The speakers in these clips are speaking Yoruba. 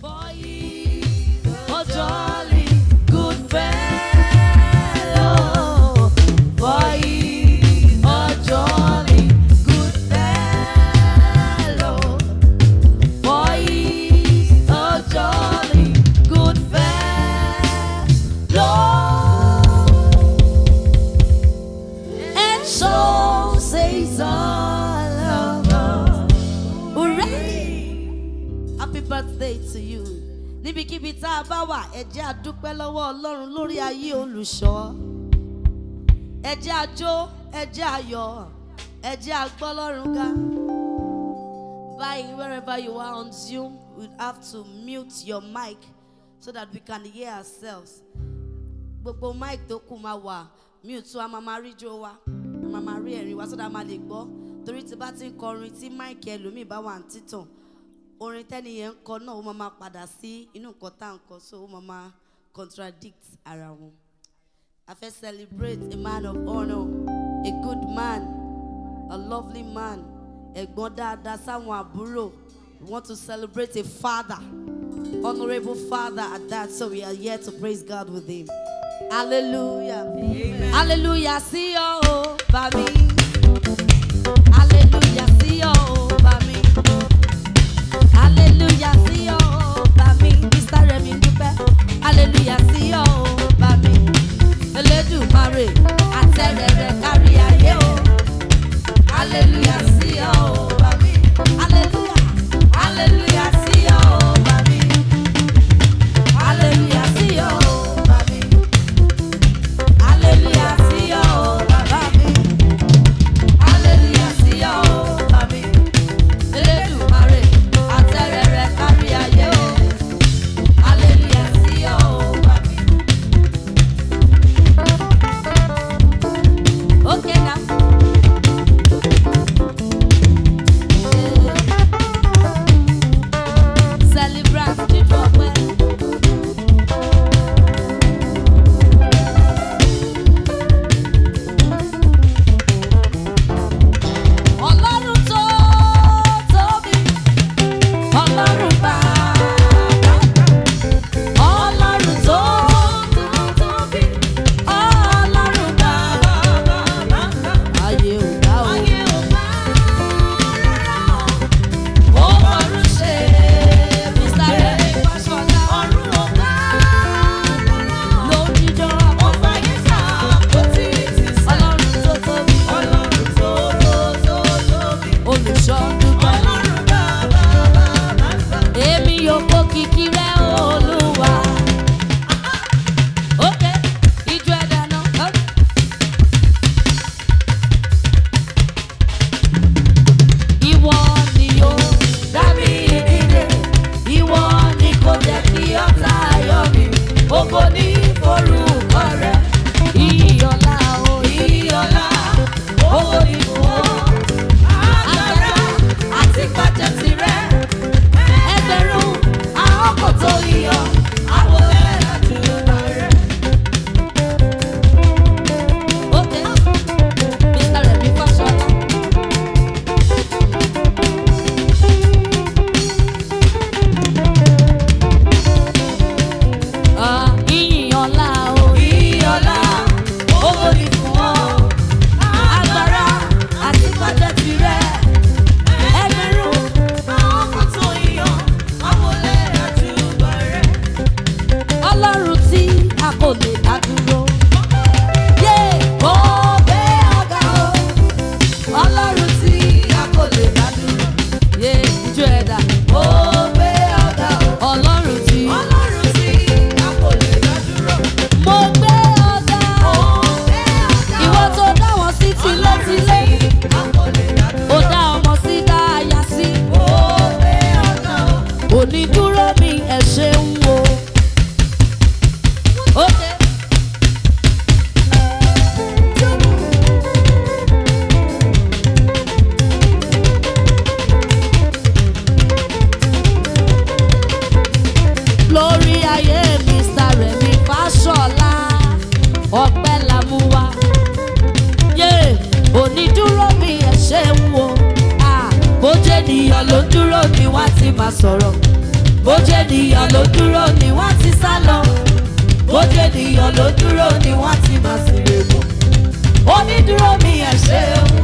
for you. ẹ jẹ́ a dúpẹ́ lọ́wọ́ Ọlọ́run lórí ayé olùṣọ́ ẹ jẹ́ a jó ẹ jẹ́ ga. Buying wherever you are on Zoom, we have to mute your mic so that we can hear ourselves. Gbogbo mic tó kù máa wà mute wa máa máa rí jó wa máa máa rí ẹ̀rín wa so that a máa lè gbọ́ torí tí bá ti ń kọrin tí mic ẹlòmíì bá wà ń títàn. orin tẹ́ni yẹn kọ ó padà sí inú tá so ó contradict ara wọn. I first celebrate a man of honor, a good man, a lovely man, ẹ̀gbọ́n dáadáa sáwọn àbúrò. We want to celebrate a father, honorable father at that, so we are here to praise God with him. Hallelujah. Amen. Hallelujah. See you, oh, hallelujah sí ọ ò bá mi elédùmarè àtẹrẹ rẹ kárí. myself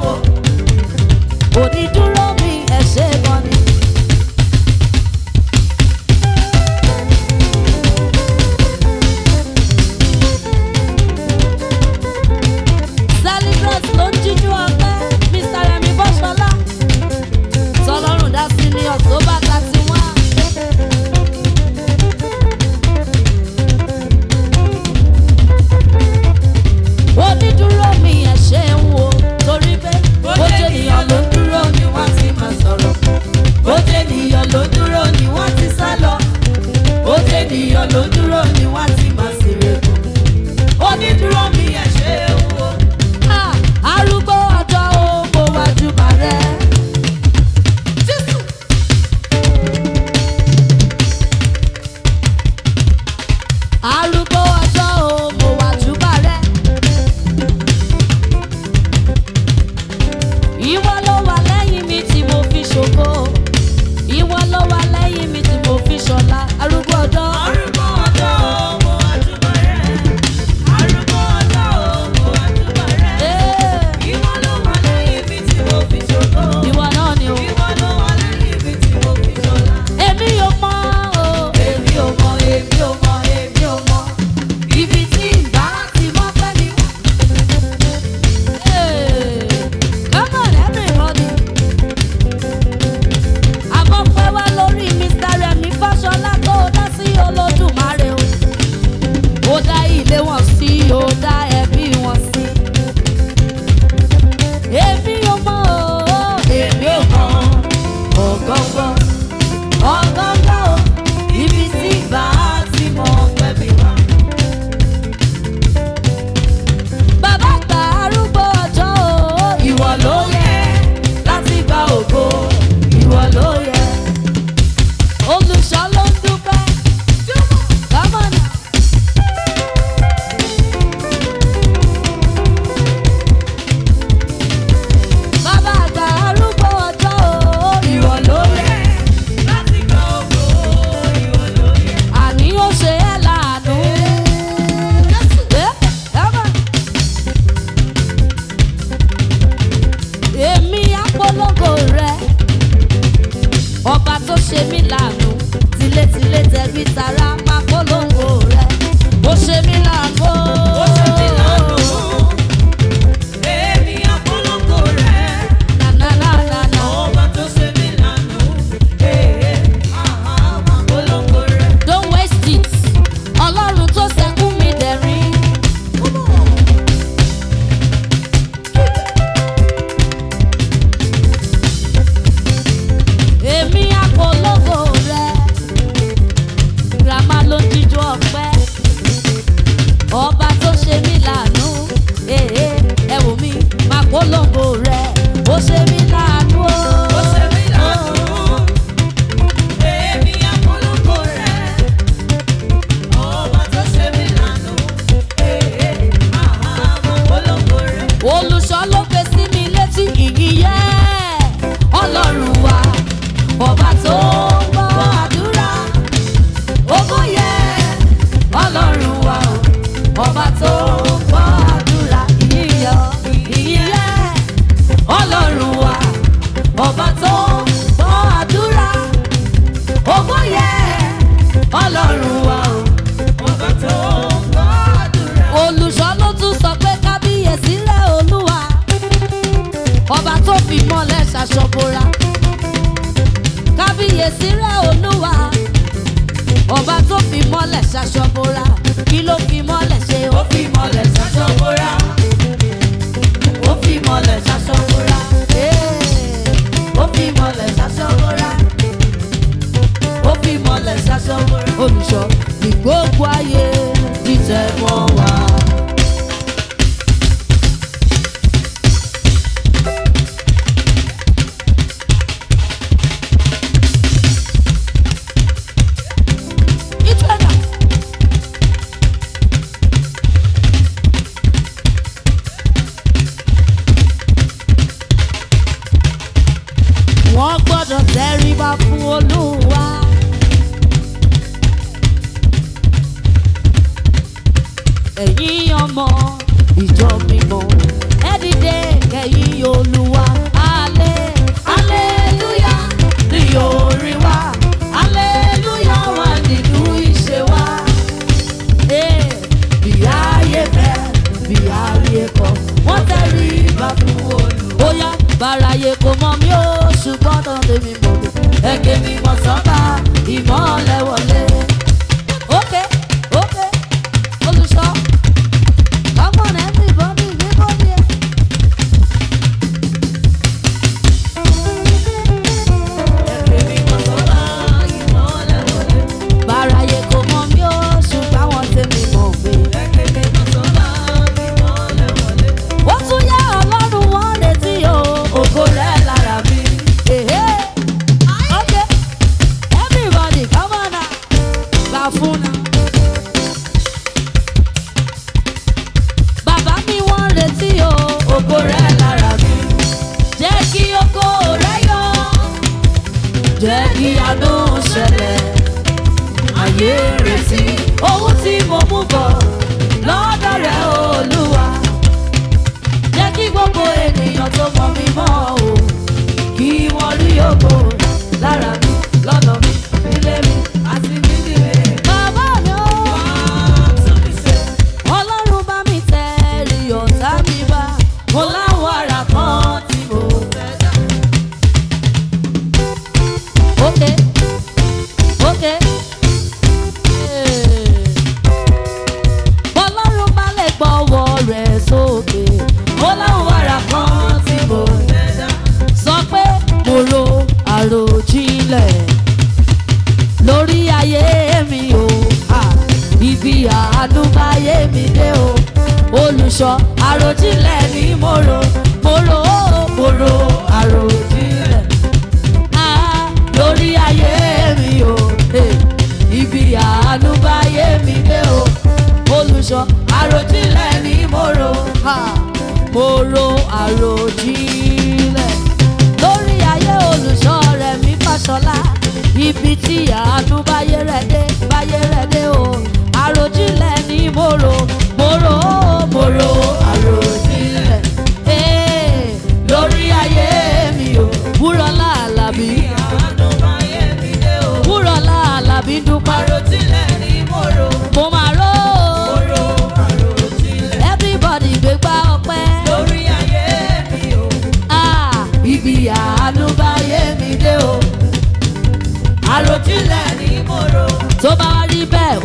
David Sarah.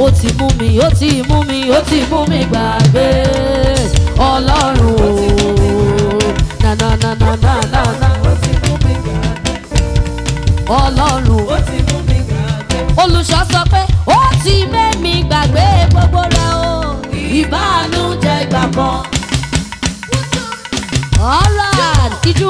ó ti mú mi ó ti mú mi ó ti mú mi gbàgbé ọlọ́run o na na na na na na na ó ti mú mi gbàgbé ọlọ́run ó ti mú mi gbàgbé olùṣọ́ sọ pé ó ti mẹ́mi gbàgbé gbogbo rẹ o ìbànújẹ́ ìgbà kan. all right did you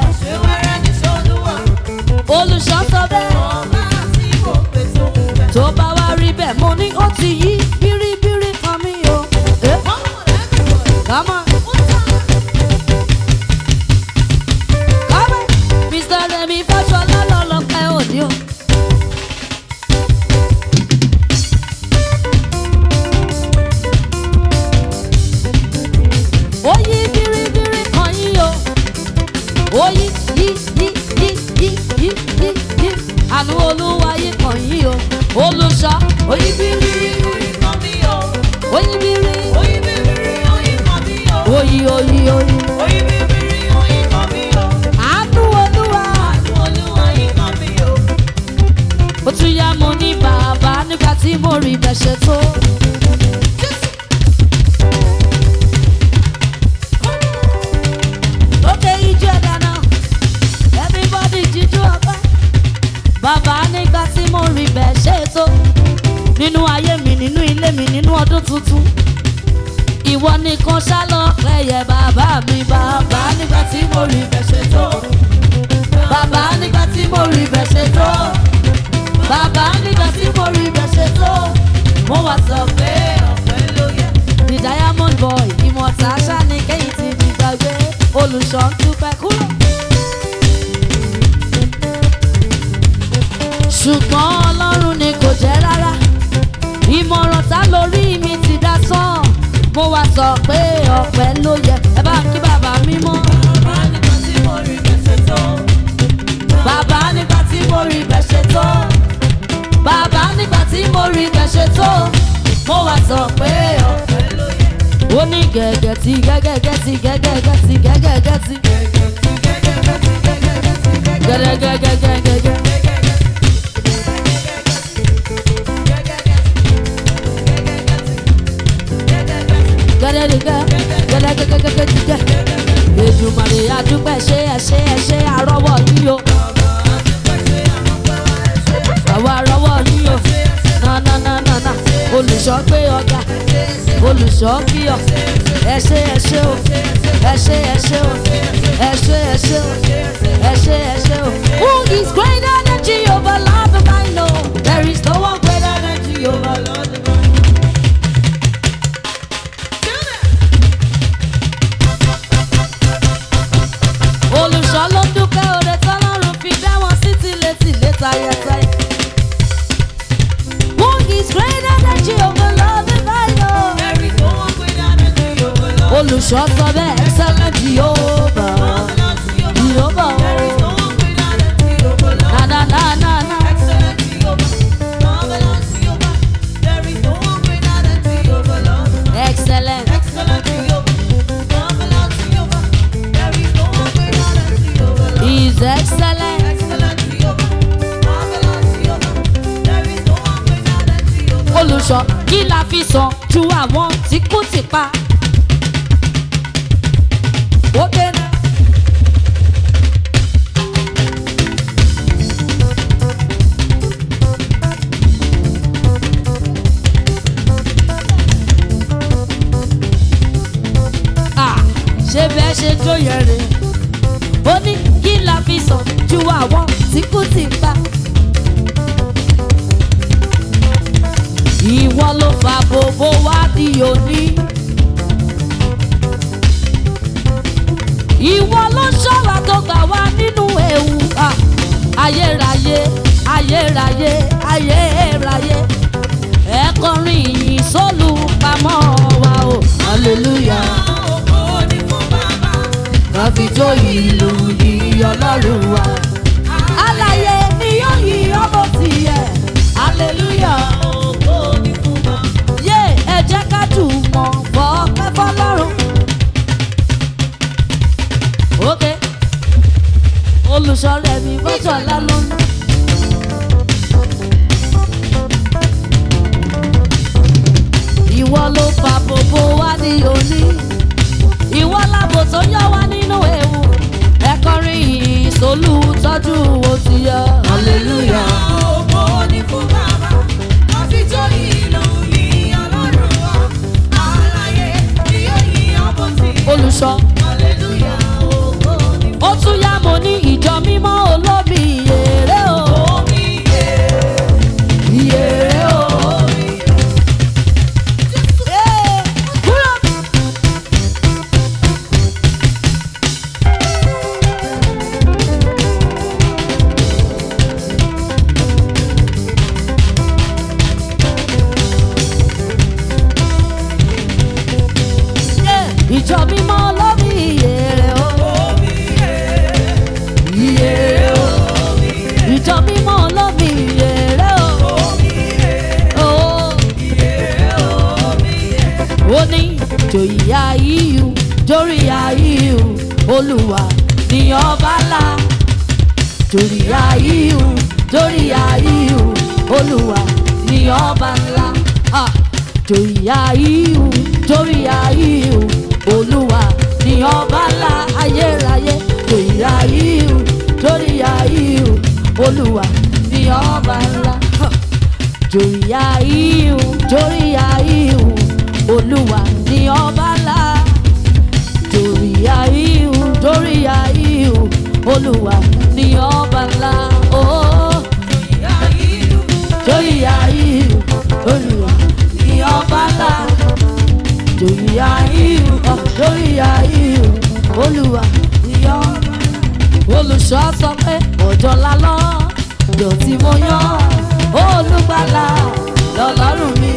sọ dúpẹ́ kúrò. ṣùgbọ́n ọlọ́run ni kò jẹ́ rárá ìmọ̀ràn tá lórí mi ti dá sàn mo wá sọ pé ọpẹ́ ló yẹ ẹ bá kí bàbá mi mọ́. bàbá nípa tí mo rí bẹ́ẹ̀ ṣe tán. bàbá nípa tí mo rí bẹ́ẹ̀ ṣe tán. bàbá nípa tí mo rí bẹ́ẹ̀ ṣe mo wá sọ pé ọpẹ́ ó ní gẹ̀gẹ̀ tí gẹ́gẹ́gẹ́ tí gẹ́gẹ́gẹ́ tí gẹ́gẹ́gẹ́ tí gẹ́gẹ́gẹ́gẹ́gẹ́gẹ́. gẹ́gẹ́gẹ́gẹ́ gẹ́gẹ́gẹ́gẹ́gẹ́ Èdùmàrè adúpẹ́ ṣe ẹ ṣe ẹ ṣe àrọ́wọ́ yíyó àwa àrọ́wọ́ yíyó. Na olùṣọ́ gbé ọjà olùṣọ́ kíyọ̀ ẹ ṣé ẹ ṣé o ẹ ṣé ẹ ṣé o ẹ ṣé ẹ ṣé o ẹ ṣé ẹ ṣé o who is greater. bá gbogbo wa di òní. ìwọ ló ṣọ́ra tó gbà wá nínú ewu ayérayé ayérayé ayérayé ẹ kọrin ìyìn sólùpamọ́ wa o. hallelujah. ògo ni fún bàbá. káfí jó ìlú yìí ọlọ́run wa. alààyè ni yóò yí ọmọ tiẹ̀ hallelujah. olùṣọ́rẹ́ mi bọ́sọ̀ lálọ́nà. ìwọ ló fa gbogbo wa ní òní ìwọ láàbò tó yọ wá nínú ewu ẹkọrin ìsolú tọ́jú wo ti yọ. hallelujah. ògo ni mímọ́ love. olùṣọ́ sọ pé òjò lálọ́ òjò tí mo yán olùgbàlà lọ́lọ́run mi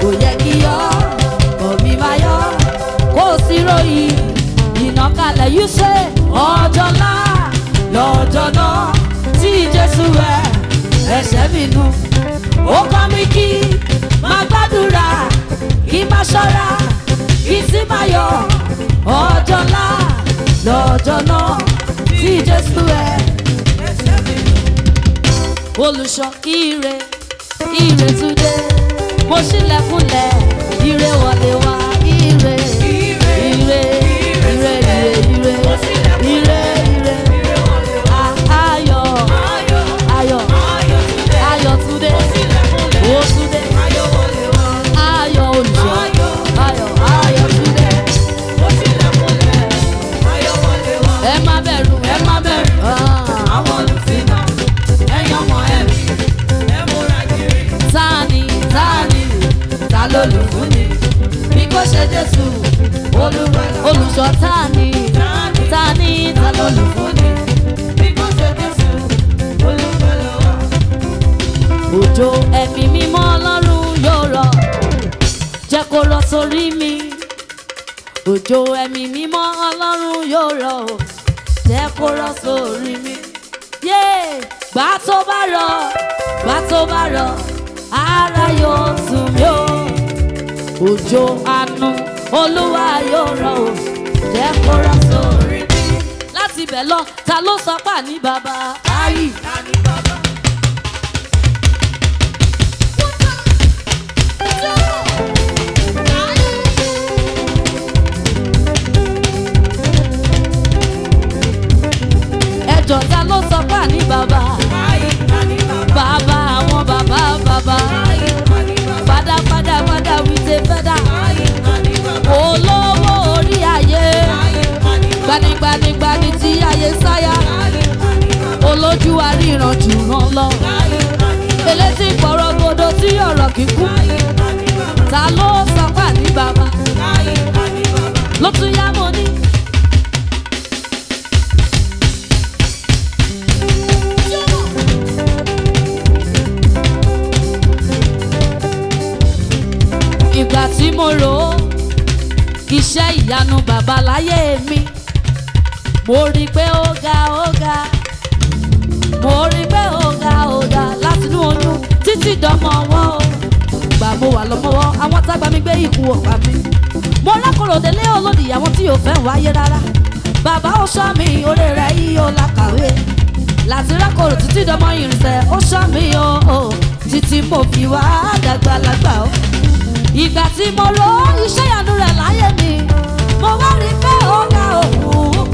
kò yẹ kí yọ kò mi má yọ kó o sì ròyìn ìnákalẹ̀ yìí ṣe ọjọ́ ńlá lọ́jọ́ náà tí Jésù rẹ̀ ẹ̀ṣẹ̀ mi nù ó kọ́ mi kí má gbàdúrà kí má ṣọ́ra kí sì má yọ ọjọ́ ńlá lọ́jọ́ náà jésù ẹ. olùṣọ́ ire ire túndé mo ṣílẹ̀kùnlẹ̀ ire wọlé wá ire ire. ire. alólùfúnni bí kò ṣe Jésù olúwa olùṣọ́ Tani, Tani, ta ni alólùfúnni bí kò ṣe Jésù olúwa lọ́wọ́. òjò ẹ̀mí mímọ́ ọlọ́run yóò rọ̀ jẹ́ kó lọ sórí mi òjò ẹ̀mí mímọ́ ọlọ́run yóò rọ̀ jẹ́ kó rọ̀ sórí mi gbà tó bá rọ̀ gbà tó bá rọ̀ ara yóò sùn mí o òjò àánú oluwa yoro rọ o jẹ́ kó rọ sórí mi. láti ibẹ̀ lọ ta ló sọ pà ní bàbá. ayi ta ni Baba. ẹjọ ta ló sọ pà ní bàbá. ayi ta ni Baba. Baba àwọn Baba. bàbá. ayi. mẹ́sáyà olójú aríran jùrán lọ elétí pọ̀rọ̀gbọ̀dọ̀ tí ọ̀rọ̀ kíkún ta ló sọpá ní bàbá ló tún yá mo ní. ìgbà tí mo rò ó iṣẹ́ ìyanu bàbá láyé mi mo rí i pé ó ga ó ga mo rí i pé ó ga ó ga látinú oyún títí dọmọ wọn o gbà mo wà lọ́mọ́wọ́ àwọn tágbà mi gbé ikú ọ̀pá mi mo rákòrò délé olódì àwọn tí ò fẹ́ wáyé rárá bàbá ó ṣọ́ mi orí rẹ̀ yìí ó la kàwé láti rákòrò títí dọmọ irinṣẹ́ ó ṣọ́ mi o títí mo fi wá dàgbà lágbà o ìgbà tí mo lo iṣẹ́ ìyanu rẹ̀ láyé mi mo wá rí pé ó ga o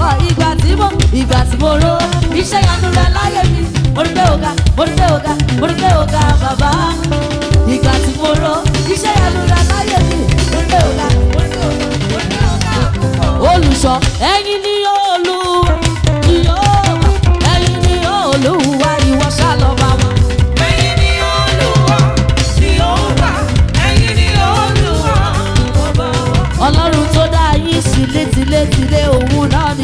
ọkọ ìgbà tí mo ìgbà tí mo ró iṣẹ́ ìyanu rẹ láyé mi mo rí pé ọ̀gá mo rí pé ọ̀gá mo rí pé ọ̀gá bàbá ìgbà tí mo ró iṣẹ́ ìyanu rẹ láyé mi mo rí pé ọ̀gá mo ọ̀gá olùṣọ́ ẹ̀yin ni olúwa ẹ̀yin ni olúwa ìwọ ṣàlọ́ba wọn. ọlọ́run tó dá yín sí létílétílé òun náà ni.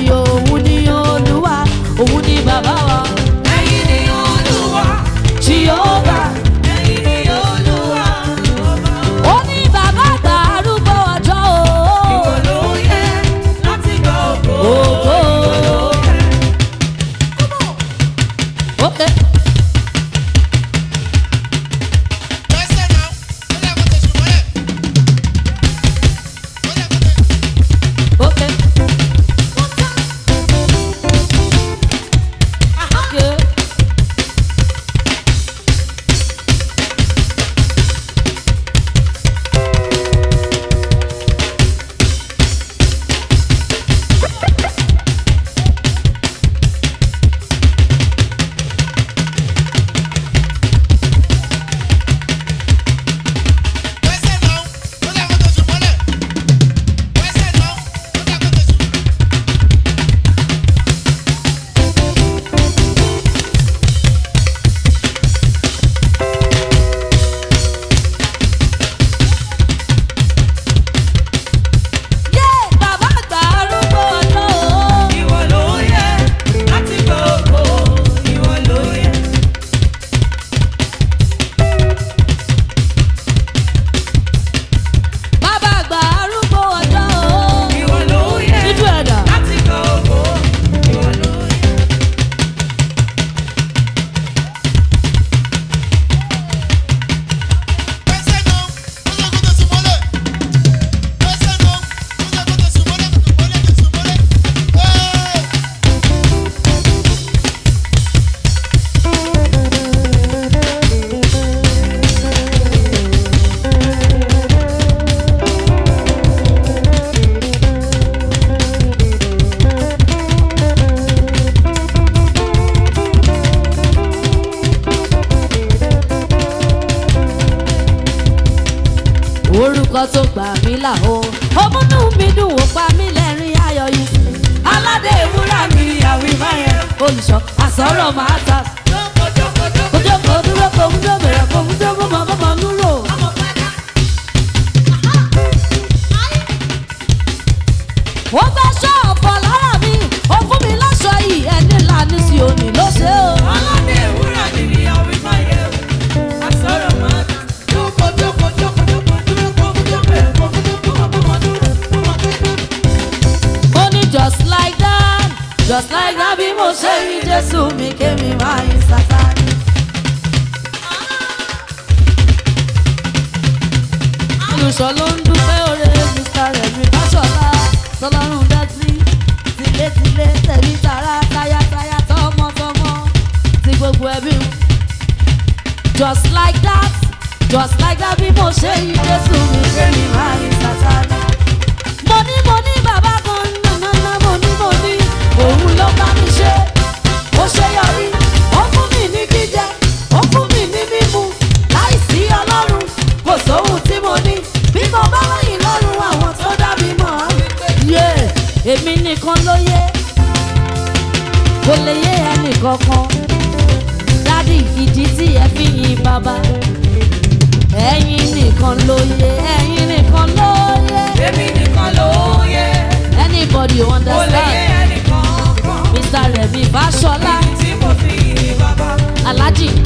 sọ ló ń dúpẹ́ òre mr rẹ̀mí fásọlá tọ́lọ́run dá sí tilétilé tẹ̀mí tara tayataya tọmọtọmọ ti gbogbo ẹbí just like that just like that bí mo ṣe yí dé sí.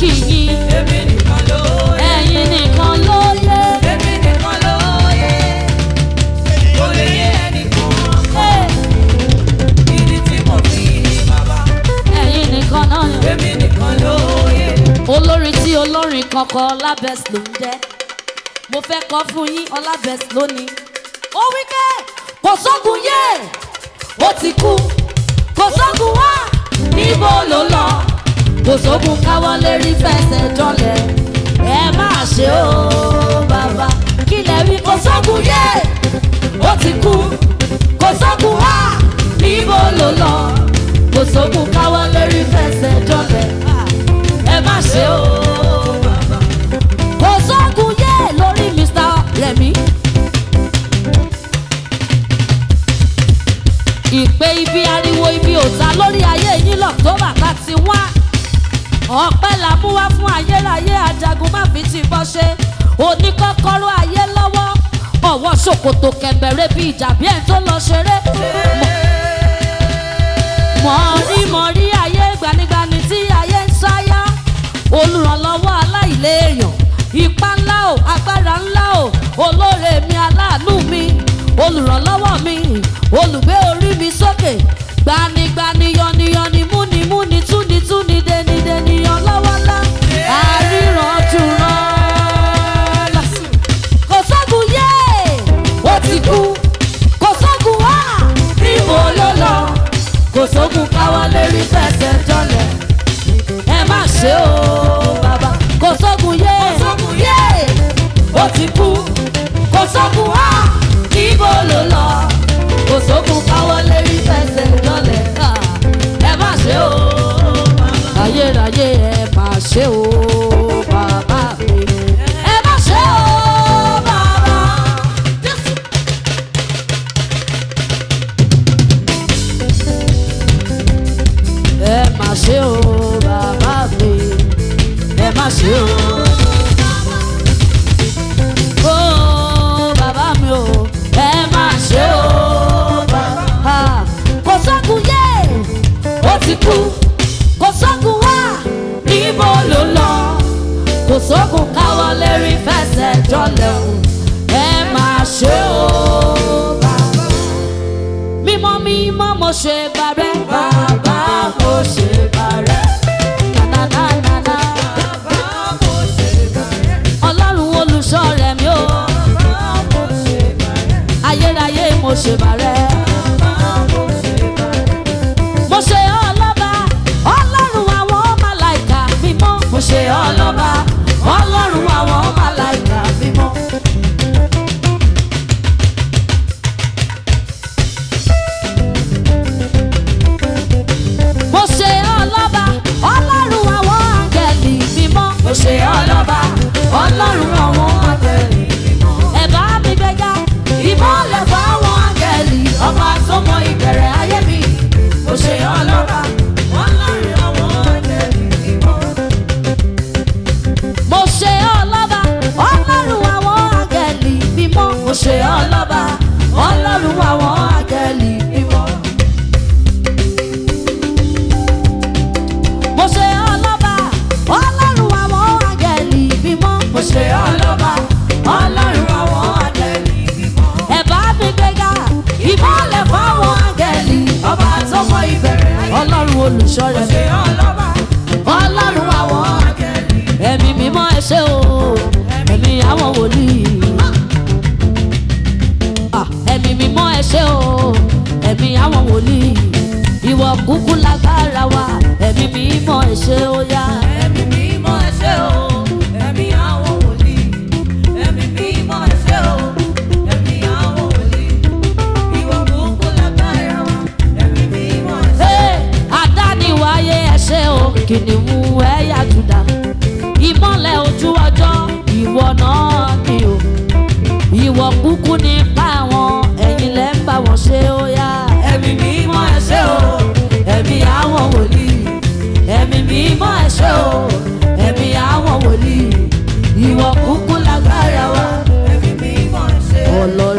kì í yín. èmi nìkan ló yẹ. ẹ̀yin nìkan ló yẹ. èmi nìkan ló yẹ. kò lè yé ẹnìkan kan. ìdí tí mo fi bàbá. ẹ̀yin nìkan náà yẹ. èmi nìkan ló yẹ. olórin tí olórin kankan Ọlábẹ́sì ló ń jẹ́ mo fẹ́ kọ fún yín Ọlábẹ́sì lónìí. ó wí pé kò sógun yé ó ti kú kò sógun wá níbo ló lọ kò sógun káwọ́ lérí fẹsẹ̀ dọ́lẹ̀ ẹ má ṣe ó bàbá kí lẹ wí kò sógun yé ó ti kú kò sógun wá níbo ló lọ kò sógun káwọ́ lérí fẹsẹ̀ dọ́lẹ̀ ẹ má ṣe ó bàbá kò sógun yé lórí Mr. Yemi. ìpè ibi ariwo ibi òta lórí ayé yín lọ tó bàtà ti wá ọpẹ́ là mú wá fún ayérayé ajagun má fi ti bọ́ ṣe oníkọ́kọ́rọ́ ayé lọ́wọ́ ọwọ́ ṣòkòtò kẹ̀mbẹ̀rẹ̀ bíi ìjà bí ẹ̀ tó lọ ṣeré. mọ̀ọ́rí mọ̀ọ́rí ayé gbanigbani tí ayé ń sáyá olùrànlọ́wọ́ aláìléèyàn ipá ńlá o agbára ńlá o olóore mi aláàánú mi olùrànlọ́wọ́ mi olùgbé orí mi sókè gbani. sókun káwọ́ lérí fẹsẹ̀ jọlẹ̀kùn ẹ máa ṣe o. mímọ́ mímọ́ mo ṣe bàbá. ṣe ọlọ́ba ọlọ́run àwọn àgẹ́lì mímọ́. mo ṣe ọlọ́ba ọlọ́run àwọn àgẹ́lì mímọ́. mo ṣe ọlọ́ba ọlọ́run àwọn àgẹ́lì mímọ́. ẹ bá mi gbéga ìmọ̀lẹ̀ fáwọn àgẹ́lì ọba àtọwọ́ ìbẹ̀rẹ̀ ọlọ́run olùṣọ́ mo ṣe ọlọ́ba. ṣe o ẹ̀mí àwọn wòlíì ìwọ kúkú lágbára wa ẹ̀mí mímọ́ ẹ ṣé ó yá. ẹ̀mí mímọ́ ẹ ṣé o ẹ̀mí àwọn wòlíì ẹ̀mí mímọ́ ẹ ṣé o ẹ̀mí àwọn wòlíì ìwọ kúkú lágbára wa ẹ̀mí mi ẹ ṣé o. adániwáyé ẹ ṣé o kìnìún ẹ̀yà jùdà ìmọ́lẹ̀ ojú ọjọ́ ìwọ náà ni o ìwọ kúkú ni. mọ́ ẹ̀ṣẹ̀ o ẹ̀mí àwọn wòlíì ìwọ kúkú lágbára wa ẹ̀mí mímọ́ ẹ̀ṣẹ̀.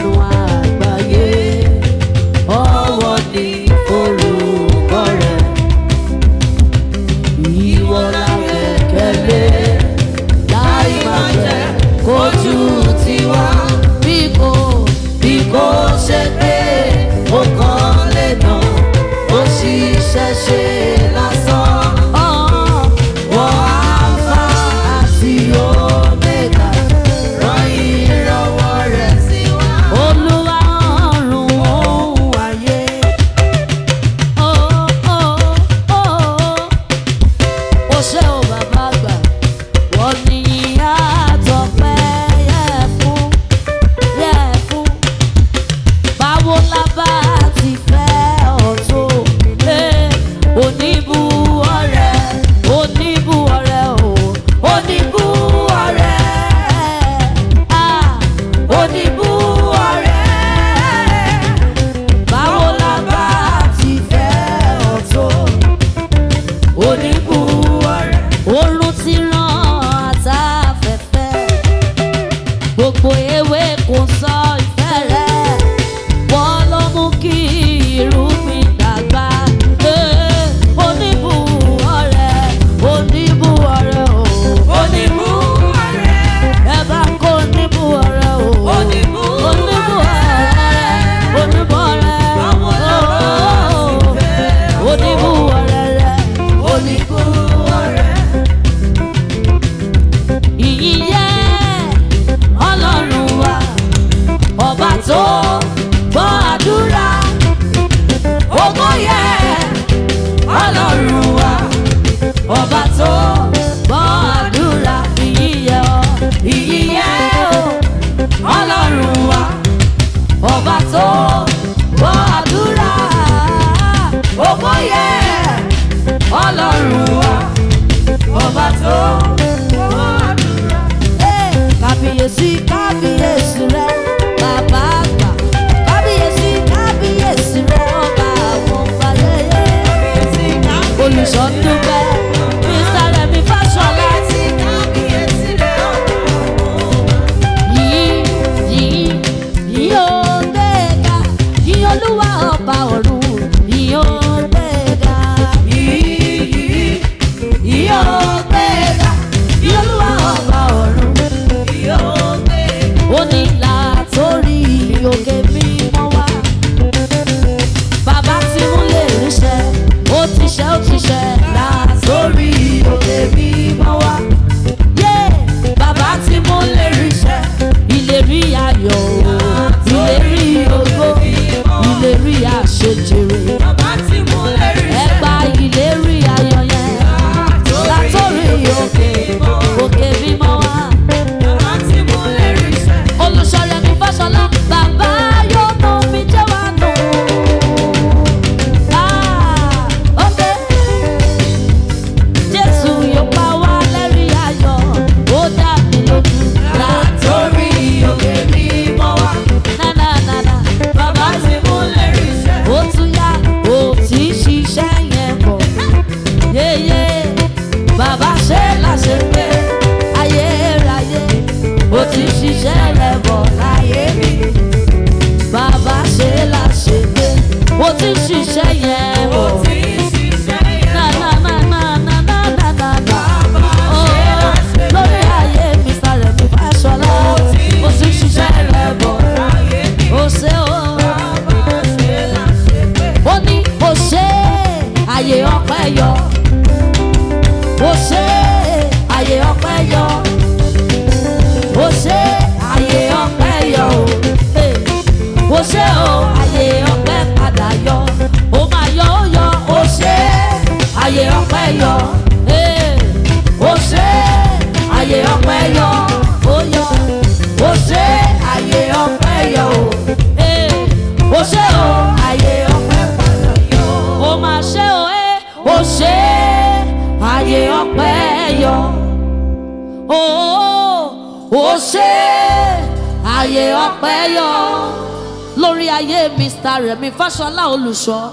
olùṣọ́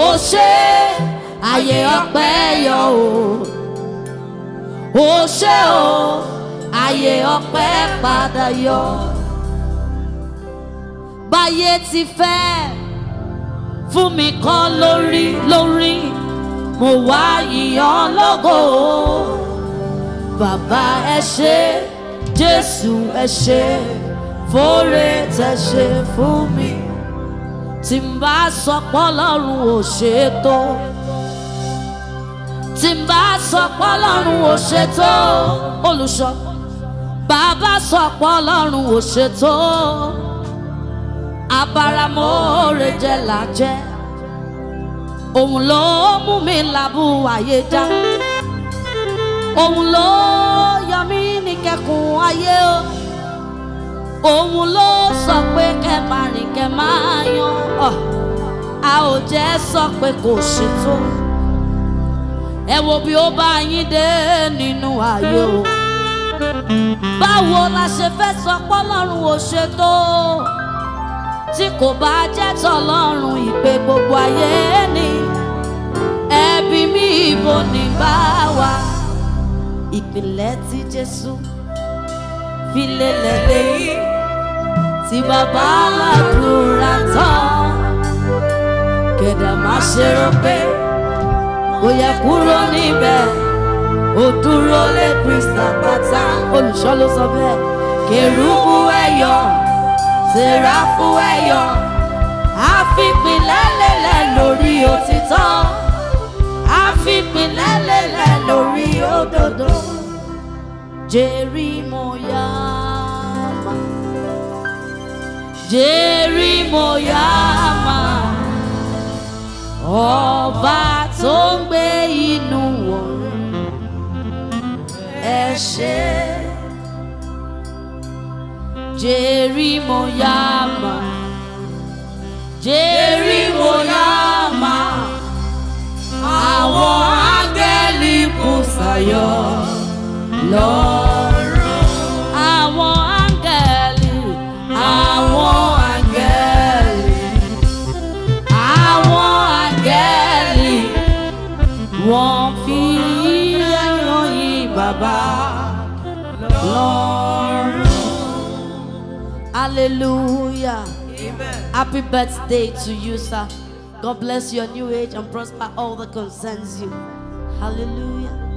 ó ṣe àyè ọpẹ́ yọ o ó ṣe o àyè ọpẹ́ padà yọ báyé ti fẹ́ fún mi kọ́ lórí lórí mo wá yíyan bàbá ẹ ṣé jésù ẹ ṣé fóore tẹ ṣe fún mi tí n bá sọ pọ́lọ́run ò ṣe é tó tí n bá sọ pọ́lọ́run ò ṣe tó olùṣọ́ bàbá sọ pọ́lọ́run ò ṣe tó abáramóore jẹ làjẹ òun ló mú mi làbú ayé dá òun ló yọ mí ní kẹkùn ayé o òun ló sọ pé kẹ́ máa rìn kẹ́ máa yan ah, a ò jẹ́ sọ pé kò ṣètò ẹ wo bí ó bá yín dé nínú ayé o báwo la ṣe fẹ́ sọ pé ọlọ́run ò ṣètò tí kò bá jẹ́ tọ́lọ́run ìpè gbogbo ayé ni ẹbí mi ibo ni bá wa ìpìlẹ̀ tí Jésù fi lélẹ̀ lẹ́yìn tí bàbá aládùúrà tán kẹ̀dà má ṣe rò pé kò yẹ kúrò níbẹ̀ ó dúró lé krista pátá olùṣọ́ ló sọ bẹ́ẹ̀ kérúbù ẹ̀yọ sẹ́ráfù ẹ̀yọ àfipínlẹ́lẹ́lẹ́ lórí òtítọ́ àfipínlẹ́lẹ́lẹ́ lórí òdodo Jerimoyah. Jerimóyámà ọba tó ń gbé inú ọ̀run ẹ ṣé Jerimóyámà Jerimóyámà àwọn áńgẹ́lì kò sáyọ̀ lọ. Hallelujah. Amen. Happy birthday to you, sir. God bless your new age and prosper all that concerns you. Hallelujah.